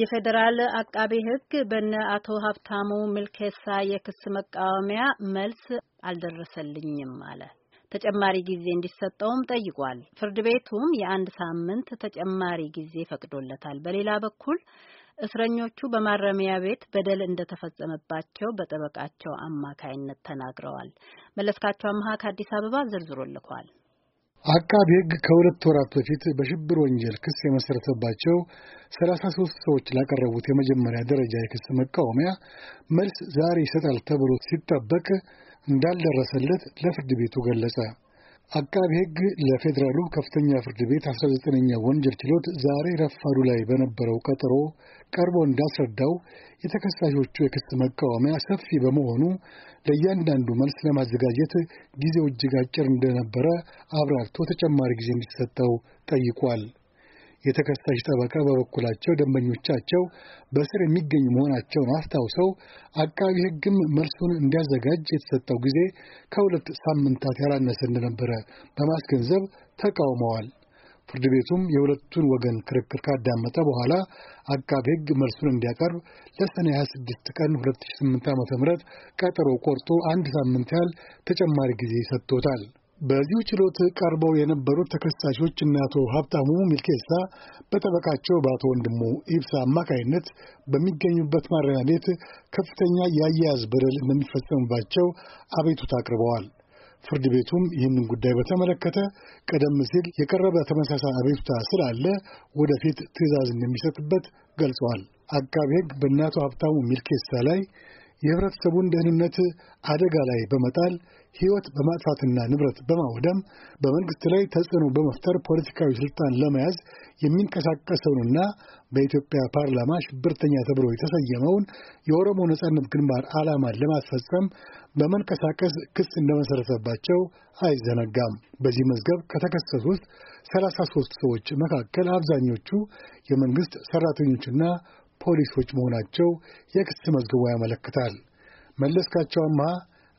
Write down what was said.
የፌዴራል አቃቤ ሕግ በነ አቶ ሀብታሙ ምልኬሳ የክስ መቃወሚያ መልስ አልደረሰልኝም አለ። ተጨማሪ ጊዜ እንዲሰጠውም ጠይቋል። ፍርድ ቤቱም የአንድ ሳምንት ተጨማሪ ጊዜ ፈቅዶለታል። በሌላ በኩል እስረኞቹ በማረሚያ ቤት በደል እንደተፈጸመባቸው በጠበቃቸው አማካይነት ተናግረዋል። መለስካቸው አምሃ ከአዲስ አበባ ዝርዝሮልኳል። ልኳል። አቃቢ ሕግ ከሁለት ወራት በፊት በሽብር ወንጀል ክስ የመሠረተባቸው ሰላሳ ሦስት ሰዎች ላቀረቡት የመጀመሪያ ደረጃ የክስ መቃወሚያ መልስ ዛሬ ይሰጣል ተብሎ ሲጠበቅ እንዳልደረሰለት ለፍርድ ቤቱ ገለጸ። አቃቤ ሕግ ለፌዴራሉ ከፍተኛ ፍርድ ቤት 19ኛ ወንጀል ችሎት ዛሬ ረፋዱ ላይ በነበረው ቀጠሮ ቀርቦ እንዳስረዳው የተከሳሾቹ የክስ መቃወሚያ ሰፊ በመሆኑ ለእያንዳንዱ መልስ ለማዘጋጀት ጊዜው እጅግ አጭር እንደነበረ አብራርቶ ተጨማሪ ጊዜ እንዲሰጠው ጠይቋል። የተከሳሽ ጠበቃ በበኩላቸው ደንበኞቻቸው በስር የሚገኙ መሆናቸውን አስታውሰው አቃቢ ሕግም መልሱን እንዲያዘጋጅ የተሰጠው ጊዜ ከሁለት ሳምንታት ያላነሰ እንደነበረ በማስገንዘብ ተቃውመዋል። ፍርድ ቤቱም የሁለቱን ወገን ክርክር ካዳመጠ በኋላ አቃቢ ሕግ መልሱን እንዲያቀርብ ለሰኔ 26 ቀን 2008 ዓ.ም ቀጠሮ ቆርጦ አንድ ሳምንት ያህል ተጨማሪ ጊዜ ሰጥቶታል። በዚሁ ችሎት ቀርበው የነበሩት ተከሳሾች እነ አቶ ሀብታሙ ሚልኬሳ በጠበቃቸው በአቶ ወንድሙ ኢብሳ አማካይነት በሚገኙበት ማረሚያ ቤት ከፍተኛ የአያያዝ በደል እንደሚፈጸምባቸው አቤቱታ አቅርበዋል። ፍርድ ቤቱም ይህንን ጉዳይ በተመለከተ ቀደም ሲል የቀረበ ተመሳሳይ አቤቱታ ስላለ ወደፊት ትዕዛዝ እንደሚሰጥበት ገልጸዋል። አቃቤ ሕግ በእነ አቶ ሀብታሙ ሚልኬሳ ላይ የህብረተሰቡን ደህንነት አደጋ ላይ በመጣል ሕይወት በማጥፋትና ንብረት በማውደም በመንግሥት ላይ ተጽዕኖ በመፍጠር ፖለቲካዊ ሥልጣን ለመያዝ የሚንቀሳቀሰውንና በኢትዮጵያ ፓርላማ ሽብርተኛ ተብሎ የተሰየመውን የኦሮሞ ነጻነት ግንባር ዓላማን ለማስፈጸም በመንቀሳቀስ ክስ እንደመሠረተባቸው አይዘነጋም። በዚህ መዝገብ ከተከሰሱት ሰላሳ ሦስት ሰዎች መካከል አብዛኞቹ የመንግሥት ሠራተኞችና ፖሊሶች መሆናቸው የክስ መዝገቡ ያመለክታል። መለስካቸው አምሃ